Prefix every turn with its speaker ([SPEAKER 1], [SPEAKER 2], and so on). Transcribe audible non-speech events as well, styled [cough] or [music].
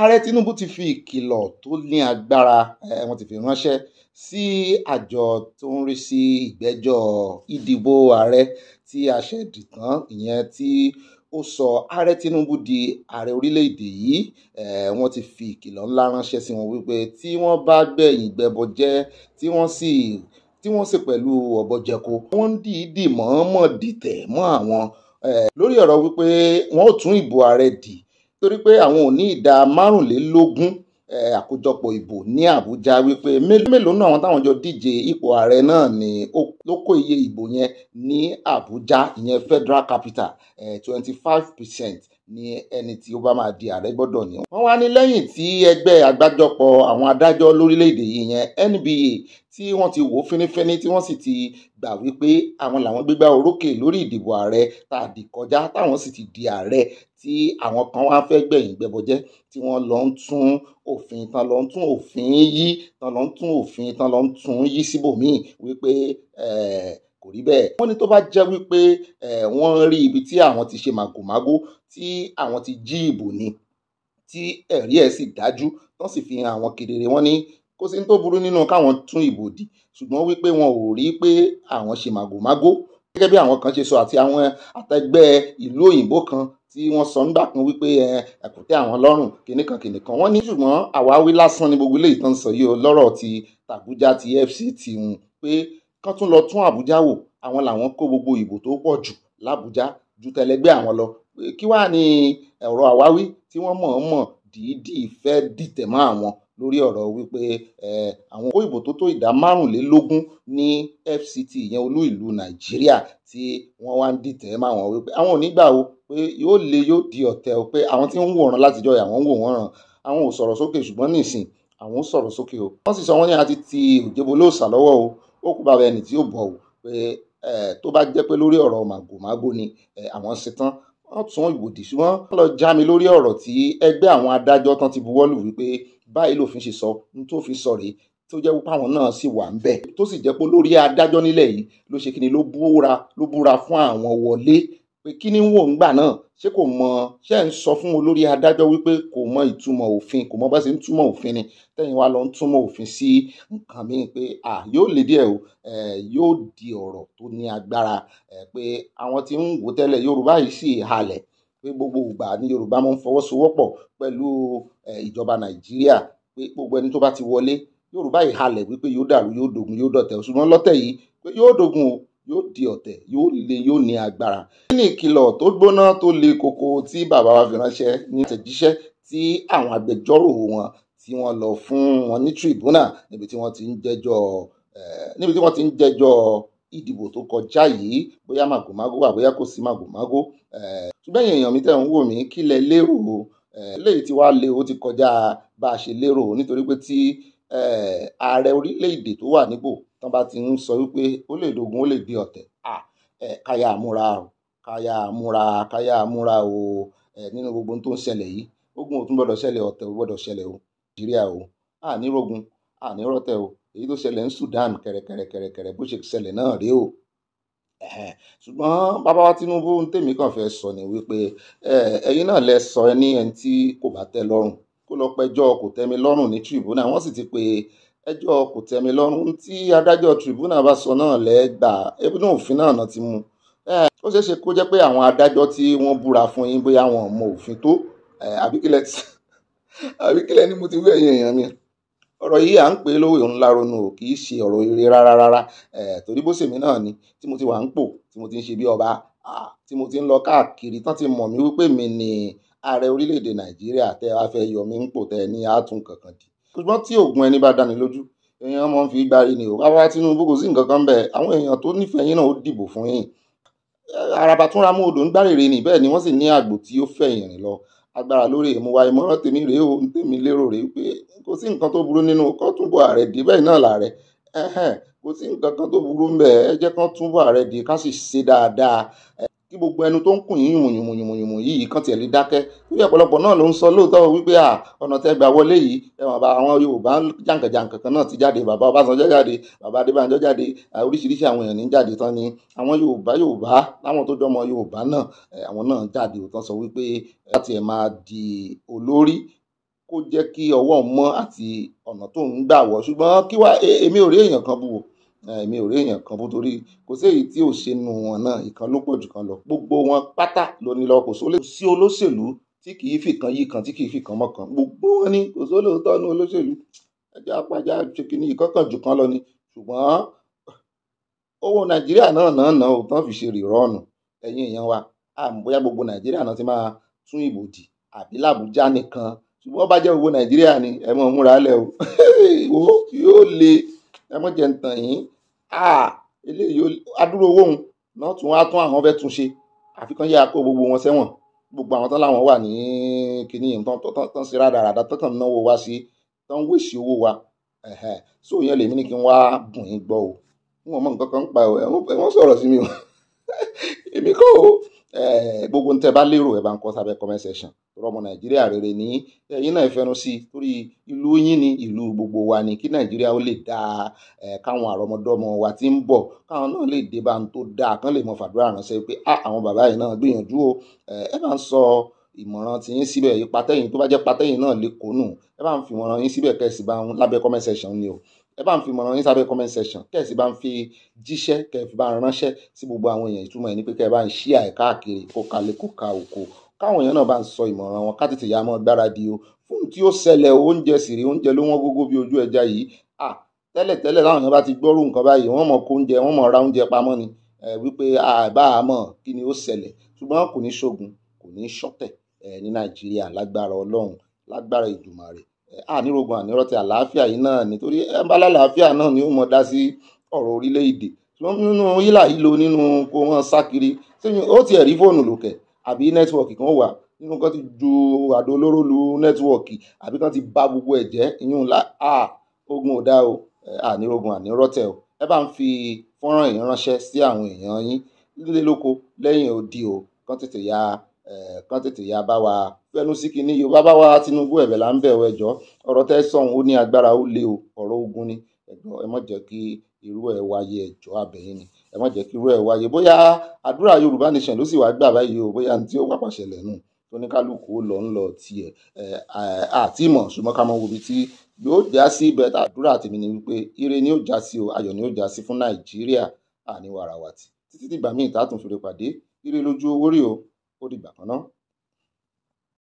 [SPEAKER 1] ààrẹ Tinubu ti fi ìkìlọ̀ tó ní agbára eh, wọ́n ti fi ránṣẹ́ sí àjọ tó ń rí sí ìgbẹ́jọ́ ìdìbò ààrẹ tí a ṣe dìtàn ìyẹn tí ó sọ ààrẹ Tinubu di ààrẹ orílẹ̀-èdè yìí eh, wọ́n ti fi ìkìlọ̀ ńlá ránṣẹ́ sí wọn wípé tí wọ́n bá gbẹ̀yìn gbẹbọ jẹ́ tí wọ́n sì tí wọ́n sì pẹ̀lú ọ̀bọ̀jẹ̀kọ wọ́n ń dìídì mọ́ mọ́ dìtẹ̀ mọ́ àwọn eh, lórí ọ̀rọ̀ wípé wọ́n ó tún ìbò ààrẹ dì torí pé àwọn ò ní ìdá márùnlélógún àkójọpọ̀ ìbò ní Àbújá wípé mélòó náà àwọn táwọn jọ díje ipò ààrẹ náà ni ló kó iye ìbò yẹn ní Àbújá ìyẹn Federal Capital twenty five percent ni ẹni tí ó bá máa di ààrẹ gbọ́dọ̀ ní. wọ́n wá ní lẹ́yìn tí ẹgbẹ́ àgbájọpọ̀ àwọn adájọ́ lórílẹ̀‐èdè yìí yẹn NBA tí wọ́n ti wò fínífíní tí wọ́n sì ti gbà wípé àwọn làwọn gbégbá orókè lórí ìdìbò ààrẹ tá a dì kọjá táwọn sì ti di ààrẹ tí àwọn kan wá fẹ́ gbẹ̀yìn gbẹ̀bọ̀jẹ́ tí wọ́n lọ ń tún òfin tán lọ ń tún òfin yí tán lọ ń tún òfin tán lọ ń tún yí síbòmíì wípé kò rí bẹ́ẹ̀. wọ́n ní tó bá jẹ́ wípé wọ́n rí ibi tí àwọn ti ṣe màgòmágó tí àwọn ti jí ìbò ni tí ẹ̀rí ẹ̀ sì dájú tán sì fi hàn àwọn kedere wọ́n ní kò sí ní tó burú nínú káwọn tún ìbò dì ṣùgbọ́n wípé wọn ò rí pé àwọn ṣe màgòmágó gẹ́gẹ́ bí àwọn kan ṣe sọ àti àwọn àtẹgbẹ́ ìlú òyìnbó kan tí wọ́n sọ nígbà kan wípé ẹ̀kútẹ́ àwọn lọ́rùn kìnìkan kìnìkan wọ́n ní ṣùgbọ́n àwáwí lásán ni gbogbo eléyìí tó sọ yìí lọ́rọ̀ ti tàbújá ti fct ń pé kán tún lọ tún àbújá wò àwọn làwọn kó gbogbo ìbò tó pọ̀ jù lábújá ju tẹlẹgbẹ́ àwọn lọ kí wàá ní ọ̀rọ̀ àwáwí tí wọ́n mọ̀ọ́mọ̀ dìídì fẹ́ dìtẹ̀ mọ́ àwọn lórí ọ̀rọ̀ wípé àwọn kó ìbò tó tó ìdá márùnlélógún ní FCT ìyẹn olú ìlú Nàìjíríà tí wọ́n wá ń dìtẹ̀ mọ́ àwọn wípé àwọn ò ní gbà o pé yóò le yóò di ọ̀tẹ̀ o pé àwọn tí ń wòran látijọ́ yà wọ́n ń wò wọ́n ràn àwọn ò sọ̀rọ̀ sókè ṣùgbọ́n nísìn àwọn ò sọ̀rọ̀ sókè o wọ́n sì sọ wọ́n ní a ti ti lọ́wọ́ o ó kú bàbá ẹni tí ó bọ̀ wò pé tó bá jẹ́ pé lórí ọ̀rọ̀ màgòmágó ni àwọn ṣetán wọ́n tún ìwòdì ṣùgbọ́n wọ́n lọ já mi lórí ọ̀rọ̀ tí ẹgbẹ́ àwọn adájọ́ tán ti buwọ́lù wípé báyìí lòfin ṣe sọ ní tó fi sọ rèé tó jẹ́ wípé àwọn náà sì wà ń bẹ̀ tó sì jẹ́ pé olórí adájọ́ nílẹ̀ yìí ló ṣe kí ni ló búra ló búra fún àwọn wọlé pé kí ni wò ń gbà náà ṣé kò mọ ṣé ń sọ fún olórí adájọ́ wípé kò mọ ìtumọ̀ òfin kò mọ bá ṣe ń túmọ̀ òfin ni tẹ̀yìn wa lọ ń túmọ̀ òfin sí nǹkan míì pé à yóò lè díẹ̀ o yóò di ọ̀rọ̀ tó ní agbára pé àwọn tí ń wò tẹ́lẹ̀ Yorùbá yìí sì halẹ̀ pé gbogbo ìgbà ni Yorùbá máa ń fọwọ́sowọ́pọ̀ pẹ̀lú ìjọba Nàìjíríà pé gbogbo ẹni tó bá ti wọlé Yorùbá yìí halẹ̀ wípé yóò dàrú yóò dogun yóò dọ̀tẹ̀ ṣùgbọ́n lọ́tẹ̀ yìí pé yóò dogun o yóò di ọ̀tẹ̀ yóò le yóò ní agbára. kí ni ìkìlọ̀ tó gbóná tó le koko tí bàbá wa fi ránṣẹ́ ní àtẹ̀jíṣẹ́ tí àwọn agbẹjọ́rò wọn tí wọ́n lọ fún wọn ní tribuna níbi tí wọ́n ti ń jẹ́jọ́ eh, níbi tí wọ́n ti ń jẹ́jọ́ ìdìbò tó kọjá yìí bóyá màgòmágó wà bóyá kò sí màgòmágó eh, ṣùgbọ́n èèyàn mi tẹ̀ ń wò mí kí lẹ lérò eh, eléyìí tí wàá lé o ti kọjá bá a ṣe lérò nítorí pé tí ààrẹ orílẹ̀-èdè tó wà níbò tán bá ti ń sọ wípé ó lè dogun ó lè di ọ̀tẹ̀ káyà àmúra o káyà àmúra káyà àmúra o nínú gbogbo tó ń ṣẹlẹ̀ yìí ogun ò tún gbọ́dọ̀ ṣẹlẹ̀ ọ̀tẹ̀ ò gbọ́dọ̀ ṣẹlẹ̀ o nàìjíríà o àní rogun àní rọ̀tẹ̀ o èyí tó ṣẹlẹ̀ ní Sudan kẹ̀rẹ̀kẹ̀rẹ̀kẹ̀rẹ̀ bó ṣe ṣẹlẹ̀ náà rèé o ṣùgbọ́n bàbá wa Tinubu ń tèmi kàn fẹ́ sọ ni wípé ẹ̀yin náà lẹ sọ ẹ ní ẹni tí kò bá tẹ́ lọ́rùn kó lọ pẹjọ́ kò tẹ́mi lọ́rùn ní tribunal wọ́n sì ti pe ẹjọ́ kò tẹ́mi lọ́rùn tí adájọ́ tribunal bá sọ náà lẹ́gbà ẹbínú òfin náà náà ti mú ó ṣeé ṣe kó jẹ́ pé àwọn adájọ́ tí wọ́n búra fún yín bóyá wọn ò mọ òfin tó àbíkílẹ̀ [laughs] ni mo ti wí ẹ̀yin èèyàn mi ọ̀rọ̀ yìí à ń pè é lówó òun láronú o kì í ṣe ọ̀rọ̀ eré rárá rárá torí bó ṣèmi náà ni tí mo ti wà ń pò tí mo ti ń ṣe bí ọba tí mo ti ń lọ káàkiri tán ti mọ̀ mí wípé mi ni ààrẹ orílẹ̀-èdè nàìjíríà tẹ́ wá fẹ́ yọ mí ń pò tẹ́ ní àtún dì ṣùgbọ́n tí oògùn ẹni bá dání lójú èèyàn mọ̀ ń fi gba ẹni o rárá Tinubu kò sí nǹkan kan bẹ́ẹ̀ àwọn èèyàn tó nífẹ̀ẹ́ yín náà ó dìbò fún yín àràbà mú odò ń gbárèrè ni bẹ́ẹ̀ ni wọ́n sì ní àgbò tí ó fẹ̀yìn rìn lọ agbára lórí ìmúwa ìmọ̀ràn tèmi rèé o tèmi lérò rèé pé kò sí nǹkan tó burú nínú kó túbọ̀ ààrẹ dì bẹ́ẹ̀ náà làárẹ̀ kò sí nǹkan tó burú ń bẹ̀ ẹ jẹ́ kán túbọ̀ ààrẹ dì ká sì ṣe dáadáa kí gbogbo ẹnu tó ń kùn yín yùmùyùmùyùmù yìí kan tiẹ̀ lè dákẹ́ wípé ọ̀pọ̀lọpọ̀ náà ló ń sọ lóòótọ́ wípé à ọ̀nà tẹ́ gbà wọlé yìí ẹ̀wọ̀n bá àwọn Yorùbá jàǹkàjàǹkà kan náà ti jáde bàbá Ọbásanjọ́ jáde bàbá Adébánjọ́ jáde oríṣiríṣi àwọn èèyàn ní jáde tán ni àwọn Yorùbá Yorùbá láwọn tó jọmọ Yorùbá náà àwọn náà jáde òtán sọ wípé láti ẹ̀ máa di olórí kó jẹ́ kí ọwọ́ mọ́ àti ọ̀nà tó ń gbà wọ̀ ṣùgbọ́n kí wá e, èmi ò rí èèyàn kan bù wò èmi ò rí èèyàn kan bó torí kò sí èyí tí ò ṣe nu wọn náà ìkan ló pọ̀ jù kan lọ gbogbo wọn pátá ló ní lọ kò sí olóṣèlú tí kì í fìkan yí kan tí kì í fìkan mọ́ kan gbogbo wọn ni kò sí olóòótọ́ nu olóṣèlú ẹja apájá ṣèkínní ìkọ́kàn jù kan lọ ni ṣùgbọ́n owó nàìjíríà náà náà náà ò tán fi ṣe rìrọ́ọ̀nù ẹ̀yin èèyàn wa àmọ́ bóyá gbogbo nàìjíríà náà ti máa tún ìbò àbí làbújá nìkan ṣùgbọ́n bá jẹ́ gbogbo nàìjíríà ni ẹ mọ̀ múra lẹ̀ o [laughs] yóò le ẹ mọ̀ jẹ́ ntàn yín eléyìí adúrò owó òun náà tún wá tún àwọn fẹ́ tún ṣe àfikún yára kó gbogbo wọn sẹ́wọ̀n gbogbo àwọn tán láwọn wà ní kinní yìí tán tán ṣe rádaràda tán kàn náwó wá sí tán wéṣì owó wa so yẹn lèmi ní kí n wá bùn yín gbọ́ o n ò mọ nǹkan kan pa ẹ wọ́n sọ̀rọ̀ sí mi o [laughs] èmi kọ́ o. Eh, gbogbo ní tẹ bá lérò ẹ bá ń kọ sábẹ́ comment section rọmọ nàìjíríà rere ní ẹ̀yin eh, náà fẹnu sí torí ìlú yín ni ìlú gbogbo wa ni kí nàìjíríà ó lè dáa eh, káwọn àrọmọdọ́mọ wa ti ń bọ̀ káwọn náà lè dé bá ń tó dáa kán lè mọ fàdúrà ránṣẹ́ pé ah, àwọn bàbá yìí náà gbìyànjú o ẹ bá ń sọ ìmọ̀ràn tí yín síbẹ̀ ipa tẹ́yìn tó bá jẹ́ patẹ́yìn náà lè kó nù ẹ bá ń fi ìmọ̀ràn yín síbẹ̀ kẹ́sì bá ń lábẹ́ comment section ni o ẹ bá ń fi ìmọ̀ràn yín sábẹ́ comment section kẹ́sì bá ń fi jíṣẹ́ kẹ́fì bá ń ránṣẹ́ sí gbogbo àwọn èèyàn ìtumọ̀ ẹ̀ ní pé kẹ́ bá ń ṣí àì káàkiri kó kalẹ̀ kó ka òkò káwọn èèyàn náà bá ń sọ ìmọ̀ràn wọn ká tètè yá mọ́ gbáradì o fún tí ó ṣẹlẹ̀ oúnjẹ sì rí oúnjẹ ló wọ́n gógó bí ojú ẹja yìí à tẹ́lẹ̀tẹ́lẹ̀ láwọn èèyàn bá ti gbọ́rù nǹkan báyìí wọ́n mọ̀ kó oúnjẹ wọ́n mọ̀ ra oúnjẹ pamọ́ ni wípé àbá àmọ̀ kí ni ó ṣẹlẹ̀ ṣùgbọ́n kò ní ṣogun kò ní ṣọ̀tẹ̀ ní nàìjíríà lágbára ọlọ́run lágbára ìdùmarè ànírógun àníròtẹ̀ àlàáfíà yìí náà nítorí ẹ̀ńbálá àlàáfíà náà ni ó mọ̀ dá sí ọ̀rọ̀ orílẹ̀-èdè nínú hílà hílo nínú kó wọ́n sá kiri ó tiẹ̀ rí fóònù lòkè àbí nẹ́tíwọ̀kì kan wà nínú kan ti ju àdó olóró lu nẹ́tíwọ̀kì àbí kan ti bà gbogbo ẹ̀ jẹ́ ìyún ńlá a ogun ò dá o ànírógun àníròtẹ̀ o ẹ bá ń fi fọ́nrán yìí ránṣẹ́ sí àwọn èèyàn yín nílé lóko lẹ́yìn odi o kan tètè ya Eh, kán tètè yá bá wa fẹnu sí kinní yorùbá bá wa Tinubu ẹ̀bẹ̀ là ń bẹ̀ ọ ẹjọ́ ọ̀rọ̀ tẹ́ sọ̀hún ó ní agbára ó lé o ọ̀rọ̀ ogun ni ẹ̀gbọ́n ẹ má jẹ́ kí irú ẹ̀ wáyé ẹjọ́ abẹ̀yìn ni ẹ má jẹ́ kí irú ẹ̀ wáyé bóyá àdúrà Yorùbá Nation ló sì wá gbà báyìí o bóyá ní tí ó pàpà ṣẹlẹ̀ nù tóníkálukú lọ ń lọ tiẹ̀ àti eh, mọ̀ ṣùgbọ́n ká mọ wo tí yóò já sí bẹ́ẹ̀ àdúrà tèmi ni wípé ire ni yóò já sí o ayọ̀ ni yóò já sí fún Nàìjíríà àní wàràwàtì títí dìgbà míì tá a tún ó dìgbà kan ná.